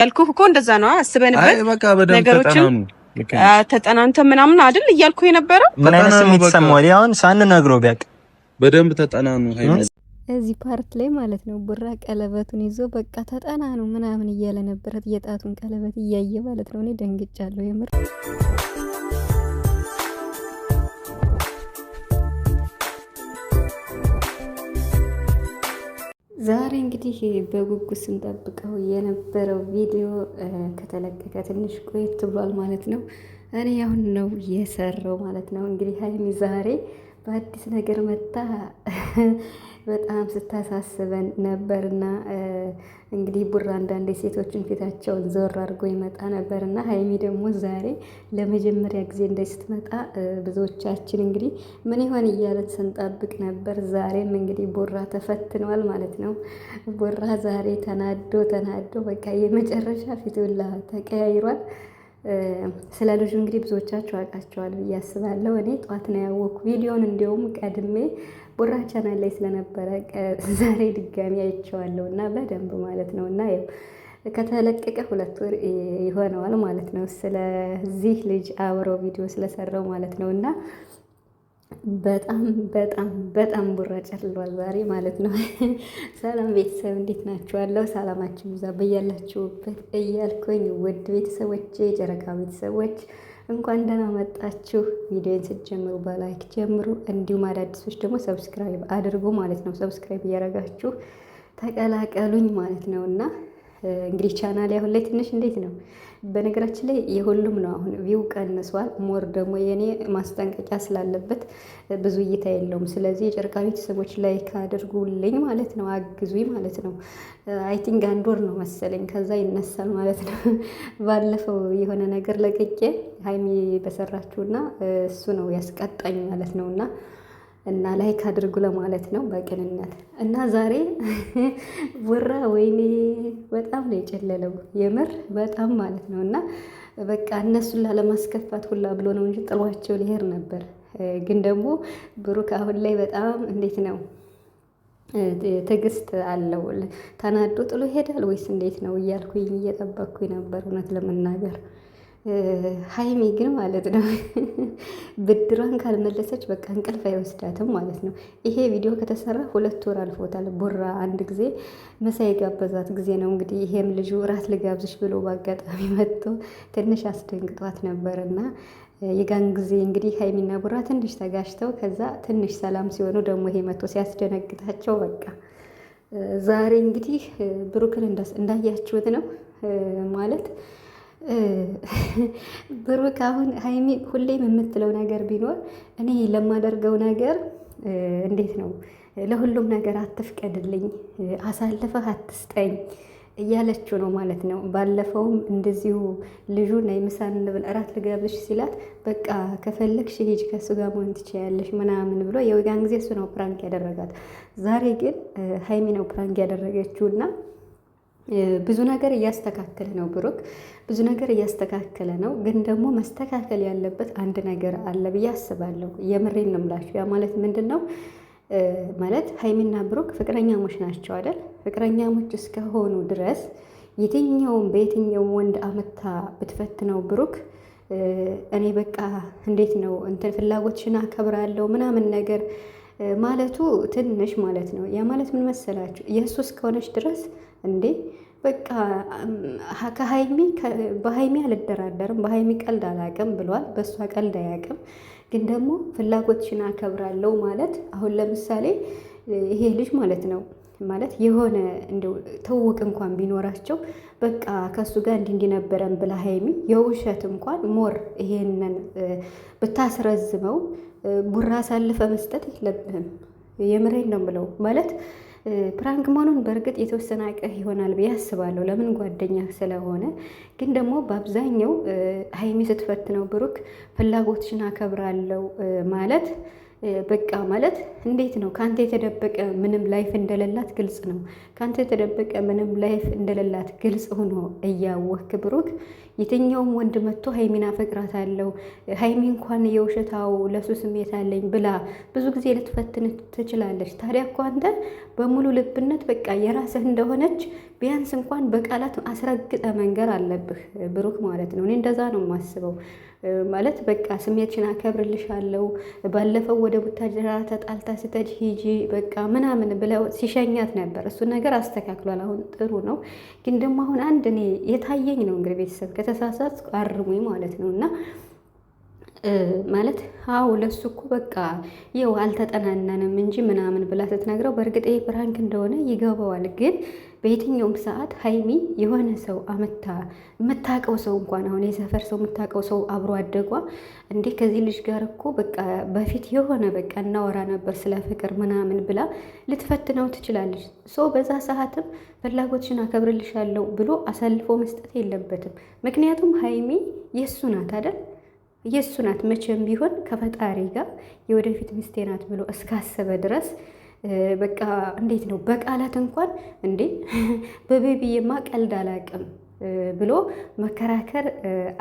ያልኩህ እኮ እንደዛ ነው አስበንበት ነገሮችን ተጠናንተ ምናምን አይደል እያልኩ የነበረው ምን ስሜት ሳንነግረው ቢያቅ በደንብ ተጠናኑ። እዚህ ፓርት ላይ ማለት ነው ቡራ ቀለበቱን ይዞ በቃ ነው ምናምን እያለ ነበረት። የጣቱን ቀለበት እያየ ማለት ነው። እኔ ደንግጫለሁ የምር ዛሬ እንግዲህ በጉጉት ስንጠብቀው የነበረው ቪዲዮ ከተለቀቀ ትንሽ ቆየት ብሏል ማለት ነው። እኔ አሁን ነው የሰራው ማለት ነው። እንግዲህ ሀይሚ ዛሬ በአዲስ ነገር መታ በጣም ስታሳስበን ነበርና እንግዲህ ቡራ አንዳንዴ ሴቶችን ፊታቸውን ዞር አድርጎ ይመጣ ነበርና ሀይሚ ደግሞ ዛሬ ለመጀመሪያ ጊዜ እንደ ስትመጣ ብዙዎቻችን እንግዲህ ምን ይሆን እያለን ስንጠብቅ ነበር። ዛሬም እንግዲህ ቡራ ተፈትኗል ማለት ነው። ቡራ ዛሬ ተናዶ ተናዶ በቃ የመጨረሻ ፊቱላ ተቀያይሯል። ስለ ልጁ እንግዲህ ብዙዎቻችሁ አውቃቸዋል ብዬ አስባለሁ። እኔ ጠዋት ነው ያወቅኩ ቪዲዮን እንዲሁም ቀድሜ ቡራ ቻናል ላይ ስለነበረ ዛሬ ድጋሚ አይቼዋለሁ እና በደንብ ማለት ነው እና ከተለቀቀ ሁለት ወር ይሆነዋል ማለት ነው። ስለዚህ ልጅ አብረው ቪዲዮ ስለሰራው ማለት ነው እና በጣም በጣም በጣም ቡራ ጨልሏል ዛሬ ማለት ነው። ሰላም ቤተሰብ እንዴት ናችኋለሁ? ሰላማችሁ ይብዛ በያላችሁበት እያልኩኝ ውድ ቤተሰቦች የጨረቃ ቤተሰቦች እንኳን ደህና መጣችሁ። ቪዲዮን ስትጀምሩ በላይክ ጀምሩ፣ እንዲሁም አዳዲሶች ደግሞ ሰብስክራይብ አድርጉ ማለት ነው። ሰብስክራይብ እያደረጋችሁ ተቀላቀሉኝ ማለት ነው እና እንግዲህ ቻናል አሁን ላይ ትንሽ እንዴት ነው? በነገራችን ላይ የሁሉም ነው አሁን ቪው ቀንሷል። ሞር ደግሞ የኔ ማስጠንቀቂያ ስላለበት ብዙ እይታ የለውም። ስለዚህ የጨረቃ ቤተሰቦች ላይ ካደርጉልኝ ማለት ነው፣ አግዙኝ ማለት ነው። አይ ቲንክ አንድ ወር ነው መሰለኝ፣ ከዛ ይነሳል ማለት ነው። ባለፈው የሆነ ነገር ለቅቄ ሀይሚ በሰራችሁና እሱ ነው ያስቀጣኝ ማለት ነው እና እና ላይክ አድርጉ ለማለት ነው በቅንነት እና ዛሬ ቡራ ወይኔ በጣም ነው የጨለለው የምር በጣም ማለት ነው እና በቃ እነሱን ላለማስከፋት ሁላ ብሎ ነው እንጂ ጥሏቸው ሊሄድ ነበር ግን ደግሞ ብሩክ አሁን ላይ በጣም እንዴት ነው ትዕግስት አለው ተናዶ ጥሎ ይሄዳል ወይስ እንዴት ነው እያልኩኝ እየጠበቅኩኝ ነበር እውነት ለመናገር ሀይሚ ግን ማለት ነው ብድሯን ካልመለሰች በቃ እንቅልፍ አይወስዳትም ማለት ነው። ይሄ ቪዲዮ ከተሰራ ሁለት ወር አልፎታል። ቦራ አንድ ጊዜ መሳይ ጋበዛት ጊዜ ነው እንግዲህ ይሄም ልጁ ራት ልጋብዝሽ ብሎ በአጋጣሚ መጥቶ ትንሽ አስደንግጧት ነበርና የጋን ጊዜ እንግዲህ ሀይሚና ቦራ ትንሽ ተጋጭተው ከዛ ትንሽ ሰላም ሲሆኑ ደግሞ ይሄ መጥቶ ሲያስደነግጣቸው በቃ ዛሬ እንግዲህ ብሩክን እንዳያችሁት ነው ማለት ብሩክ አሁን ሀይሚ ሁሌም የምትለው ነገር ቢኖር እኔ ለማደርገው ነገር እንዴት ነው ለሁሉም ነገር አትፍቀድልኝ፣ አሳልፈህ አትስጠኝ እያለችው ነው ማለት ነው። ባለፈውም እንደዚሁ ልጁ ነይ ምሳ እንብላ እራት ልጋብዝሽ ሲላት በቃ ከፈለግሽ ሂጅ ከእሱ ጋር መሆን ትችያለሽ ምናምን ብሎ የወጋን ጊዜ እሱ ነው ፕራንክ ያደረጋት። ዛሬ ግን ሀይሚ ነው ፕራንክ ያደረገችውና ብዙ ነገር እያስተካከለ ነው ብሩክ፣ ብዙ ነገር እያስተካከለ ነው። ግን ደግሞ መስተካከል ያለበት አንድ ነገር አለ ብዬ አስባለሁ። የምሬን ነው የምላችሁ። ያ ማለት ምንድን ነው? ማለት ሀይሚና ብሩክ ፍቅረኛሞች ናቸው አይደል? ፍቅረኛሞች እስከሆኑ ድረስ የትኛውም በየትኛውም ወንድ አመታ ብትፈትነው ብሩክ እኔ በቃ እንዴት ነው እንትን ፍላጎትሽን አከብራለሁ ምናምን ነገር ማለቱ ትንሽ ማለት ነው። ያ ማለት ምን መሰላችሁ? የእሱ እስከሆነች ድረስ እንዴ በቃ ከሀይሚ በሀይሚ አልደራደርም፣ በሀይሚ ቀልድ አላቅም ብሏል። በእሷ ቀልድ አያቅም። ግን ደግሞ ፍላጎትሽን አከብራለሁ ማለት አሁን ለምሳሌ ይሄ ልጅ ማለት ነው ማለት የሆነ እንደው ትውውቅ እንኳን ቢኖራቸው በቃ ከእሱ ጋር እንዲህ እንዲነበረን ብላ ሀይሚ የውሸት እንኳን ሞር ይሄንን ብታስረዝመው ቡራ አሳልፈ መስጠት የለብህም። የምሬን ነው ብለው ማለት ፕራንክ መሆኑን በእርግጥ የተወሰነ አውቀህ ይሆናል ብዬ አስባለሁ፣ ለምን ጓደኛ ስለሆነ። ግን ደግሞ በአብዛኛው ሀይሚ ስትፈትነው ብሩክ ፍላጎትሽን አከብራለሁ ማለት በቃ ማለት እንዴት ነው ከአንተ የተደበቀ ምንም ላይፍ እንደሌላት ግልጽ ነው። ከአንተ የተደበቀ ምንም ላይፍ እንደሌላት ግልጽ ሆኖ እያወክ ብሩክ የትኛውም ወንድ መጥቶ ሀይሚን አለው ሀይሚ እንኳን የውሸታው ለሱ ስሜት አለኝ ብላ ብዙ ጊዜ ልትፈትን ትችላለች። ታዲያ እኮ አንተ በሙሉ ልብነት በቃ የራስህ እንደሆነች ቢያንስ እንኳን በቃላት አስረግጠ መንገር አለብህ ብሩክ ማለት ነው። እኔ እንደዛ ነው የማስበው። ማለት በቃ ስሜትሽን አከብርልሻለሁ። ባለፈው ወደ ቡታጅራ ተጣልታ ስተጅ ሂጂ በቃ ምናምን ብለው ሲሸኛት ነበር። እሱ ነገር አስተካክሏል። አሁን ጥሩ ነው። ግን ደግሞ አሁን አንድ እኔ የታየኝ ነው እንግዲህ ቤተሰብ ከተሳሳት አርሙኝ ማለት ነው እና ማለት አው ለሱ እኮ በቃ ይው አልተጠናነንም እንጂ ምናምን ብላ ስትነግረው በእርግጥ ፕራንክ እንደሆነ ይገባዋል። ግን በየትኛውም ሰዓት ሀይሚ የሆነ ሰው አመታ የምታውቀው ሰው እንኳን አሁን የሰፈር ሰው የምታውቀው ሰው አብሮ አደጓ እንዴ ከዚህ ልጅ ጋር እኮ በቃ በፊት የሆነ በቃ እናወራ ነበር ስለ ፍቅር ምናምን ብላ ልትፈትነው ትችላለች። ሶ በዛ ሰዓትም ፍላጎትሽን አከብርልሻለሁ ብሎ አሳልፎ መስጠት የለበትም። ምክንያቱም ሀይሚ የእሱ ናት አይደል የእሱ ናት። መቼም ቢሆን ከፈጣሪ ጋር የወደፊት ሚስቴ ናት ብሎ እስካሰበ ድረስ በቃ እንዴት ነው በቃላት እንኳን እንዴ በቤቢዬማ ቀልድ አላቅም ብሎ መከራከር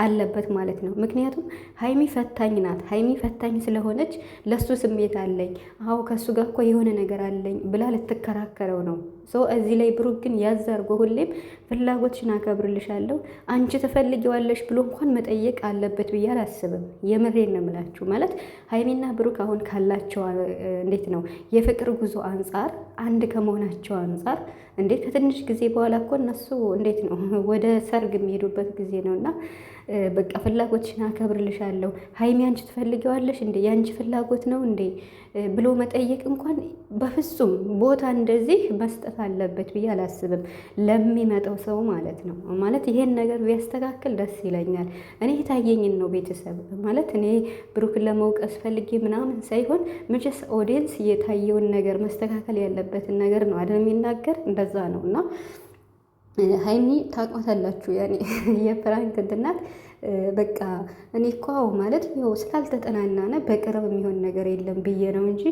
አለበት ማለት ነው። ምክንያቱም ሀይሚ ፈታኝ ናት። ሀይሚ ፈታኝ ስለሆነች ለሱ ስሜት አለኝ፣ አዎ ከሱ ጋር እኮ የሆነ ነገር አለኝ ብላ ልትከራከረው ነው ሶ እዚህ ላይ ብሩክ ግን ያዝ አድርጎ ሁሌም ፍላጎትሽን አከብርልሻለሁ አንቺ ትፈልጊዋለሽ ብሎ እንኳን መጠየቅ አለበት ብዬ አላስብም። የምሬን ነው የምላችሁ። ማለት ሀይሚና ብሩክ አሁን ካላቸው እንዴት ነው የፍቅር ጉዞ አንጻር አንድ ከመሆናቸው አንጻር እንዴት ከትንሽ ጊዜ በኋላ እኮ እነሱ እንዴት ነው ወደ ሰርግ የሚሄዱበት ጊዜ ነውና በቃ ፍላጎትሽን አከብርልሻለሁ ሀይሚ አንቺ ትፈልጊዋለሽ እንዴ የአንቺ ፍላጎት ነው እንዴ ብሎ መጠየቅ እንኳን በፍጹም ቦታ እንደዚህ መስጠት አለበት ብዬ አላስብም። ለሚመጣው ሰው ማለት ነው ማለት ይሄን ነገር ቢያስተካክል ደስ ይለኛል። እኔ የታየኝን ነው ቤተሰብ ማለት እኔ ብሩክን ለመውቀስ ፈልጌ ምናምን ሳይሆን መቼስ ኦዲየንስ የታየውን ነገር መስተካከል ያለበትን ነገር ነው አይደል የሚናገር እንደዛ ነው እና ሀይሚ ታቋታላችሁ ያኔ የፕራንክ በቃ እኔ እኮ አዎ ማለት ይኸው ስላልተጠናናነ በቅርብ የሚሆን ነገር የለም ብዬ ነው እንጂ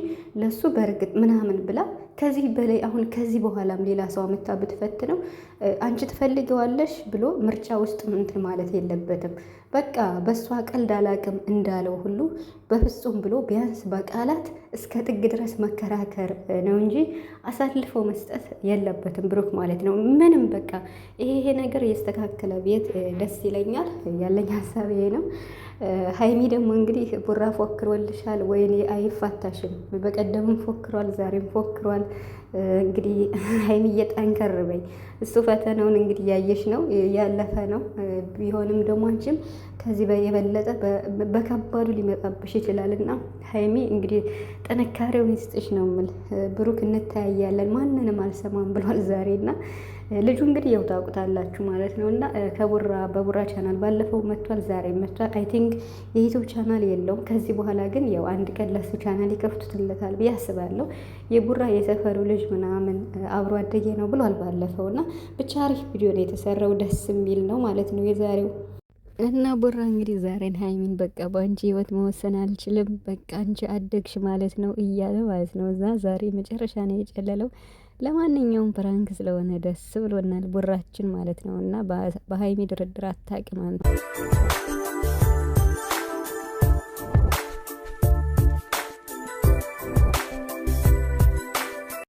ለሱ በእርግጥ ምናምን ብላ ከዚህ በላይ አሁን ከዚህ በኋላም ሌላ ሰው አመታ ብትፈትነው አንቺ ትፈልገዋለሽ ብሎ ምርጫ ውስጥ እንትን ማለት የለበትም። በቃ በእሷ ቀልድ አላቅም እንዳለው ሁሉ በፍጹም ብሎ ቢያንስ በቃላት እስከ ጥግ ድረስ መከራከር ነው እንጂ አሳልፎ መስጠት የለበትም ብሩክ ማለት ነው። ምንም በቃ ይሄ ነገር የስተካከለ ቤት ደስ ይለኛል። ያለኝ ሀሳብ ይሄ ነው። ሀይሚ ደግሞ እንግዲህ ቡራ ፎክሮልሻል፣ ወይኔ አይፋታሽም። በቀደምም ፎክሯል፣ ዛሬም ፎክሯል። እንግዲህ ሀይሚ እየጠንከር በይ። እሱ ፈተናውን እንግዲህ ያየሽ ነው ያለፈ ነው። ቢሆንም ደግሞ አንቺም ከዚህ የበለጠ በከባዱ ሊመጣብሽ ይችላል እና ሀይሚ እንግዲህ ጥንካሬውን ይስጥሽ ነው የምል። ብሩክ እንተያያለን ማንንም አልሰማም ብሏል ዛሬ እና ልጁ እንግዲህ ያው ታውቁታላችሁ ማለት ነው እና ከቡራ በቡራ ቻናል ባለፈው መጥቷል፣ ዛሬ መጥቷል። አይ ቲንክ የዩቱብ ቻናል የለውም። ከዚህ በኋላ ግን ያው አንድ ቀን ለሱ ቻናል ይከፍቱትለታል ብዬ አስባለሁ። የቡራ የሰፈሩ ልጅ ምናምን አብሮ አደጌ ነው ብሏል ባለፈው እና ብቻ አሪፍ ቪዲዮ ነው የተሰራው። ደስ የሚል ነው ማለት ነው የዛሬው እና ቡራ እንግዲህ ዛሬን ሀይሚን በቃ በአንቺ ህይወት መወሰን አልችልም፣ በቃ አንቺ አደግሽ ማለት ነው እያለ ማለት ነው። እዛ ዛሬ መጨረሻ ነው የጨለለው። ለማንኛውም ፕራንክ ስለሆነ ደስ ብሎናል ቡራችን ማለት ነው። እና በሀይሚ ድርድር አታውቅም ነው